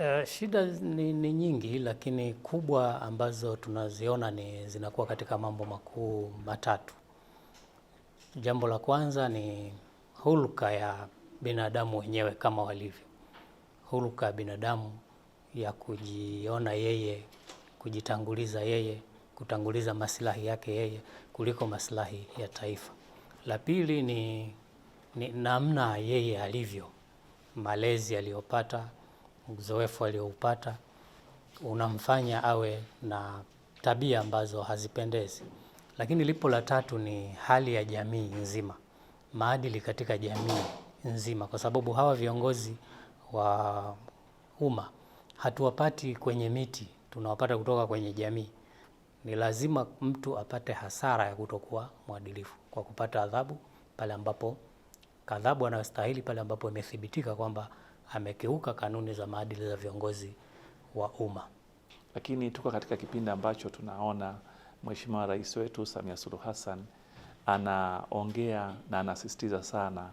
Eh, shida ni, ni nyingi lakini kubwa ambazo tunaziona ni zinakuwa katika mambo makuu matatu. Jambo la kwanza ni hulka ya binadamu wenyewe kama walivyo. Hulka ya binadamu ya kujiona yeye, kujitanguliza yeye, kutanguliza maslahi yake yeye kuliko maslahi ya taifa. La pili ni, ni namna yeye alivyo, malezi aliyopata uzoefu alioupata unamfanya awe na tabia ambazo hazipendezi. Lakini lipo la tatu ni hali ya jamii nzima, maadili katika jamii nzima, kwa sababu hawa viongozi wa umma hatuwapati kwenye miti, tunawapata kutoka kwenye jamii. Ni lazima mtu apate hasara ya kutokuwa mwadilifu kwa kupata adhabu pale ambapo kadhabu anayostahili pale ambapo imethibitika kwamba amekeuka kanuni za maadili za viongozi wa umma. Lakini tuko katika kipindi ambacho tunaona Mheshimiwa Rais wetu Samia Suluhu Hassan anaongea na anasisitiza sana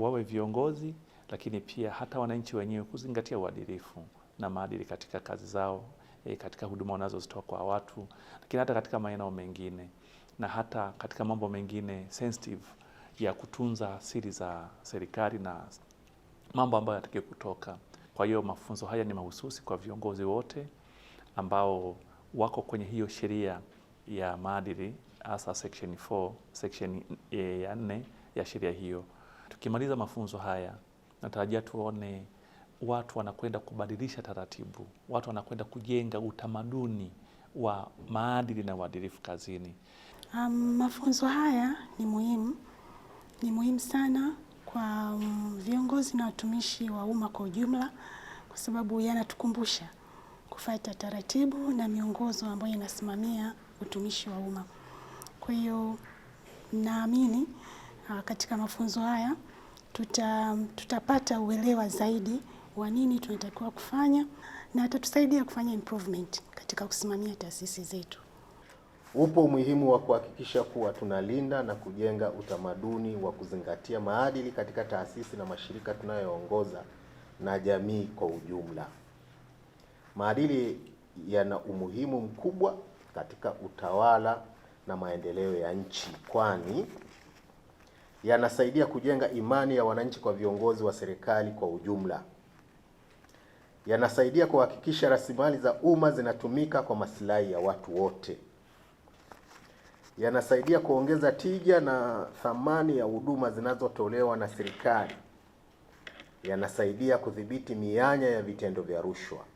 wawe viongozi, lakini pia hata wananchi wenyewe kuzingatia uadilifu na maadili katika kazi zao, eh, katika huduma wanazozitoa kwa watu, lakini hata katika maeneo mengine na hata katika mambo mengine sensitive ya kutunza siri za serikali na mambo ambayo yatakiwa kutoka. Kwa hiyo mafunzo haya ni mahususi kwa viongozi wote ambao wako kwenye hiyo sheria ya maadili hasa section 4, section ya nne ya sheria hiyo. Tukimaliza mafunzo haya, natarajia tuone watu wanakwenda kubadilisha taratibu, watu wanakwenda kujenga utamaduni wa maadili na uadilifu kazini. Um, mafunzo haya ni muhimu. viongozi na watumishi wa umma kwa ujumla, kwa sababu yanatukumbusha kufuata taratibu na miongozo ambayo inasimamia utumishi wa umma. Kwa hiyo naamini ah, katika mafunzo haya tuta, tutapata uelewa zaidi wa nini tunatakiwa kufanya na atatusaidia kufanya improvement katika kusimamia taasisi zetu. Upo umuhimu wa kuhakikisha kuwa tunalinda na kujenga utamaduni wa kuzingatia maadili katika taasisi na mashirika tunayoongoza na jamii kwa ujumla. Maadili yana umuhimu mkubwa katika utawala na maendeleo ya nchi, kwani yanasaidia kujenga imani ya wananchi kwa viongozi wa serikali kwa ujumla. Yanasaidia kuhakikisha rasilimali za umma zinatumika kwa maslahi ya watu wote yanasaidia kuongeza tija na thamani ya huduma zinazotolewa na serikali, yanasaidia kudhibiti mianya ya vitendo vya rushwa.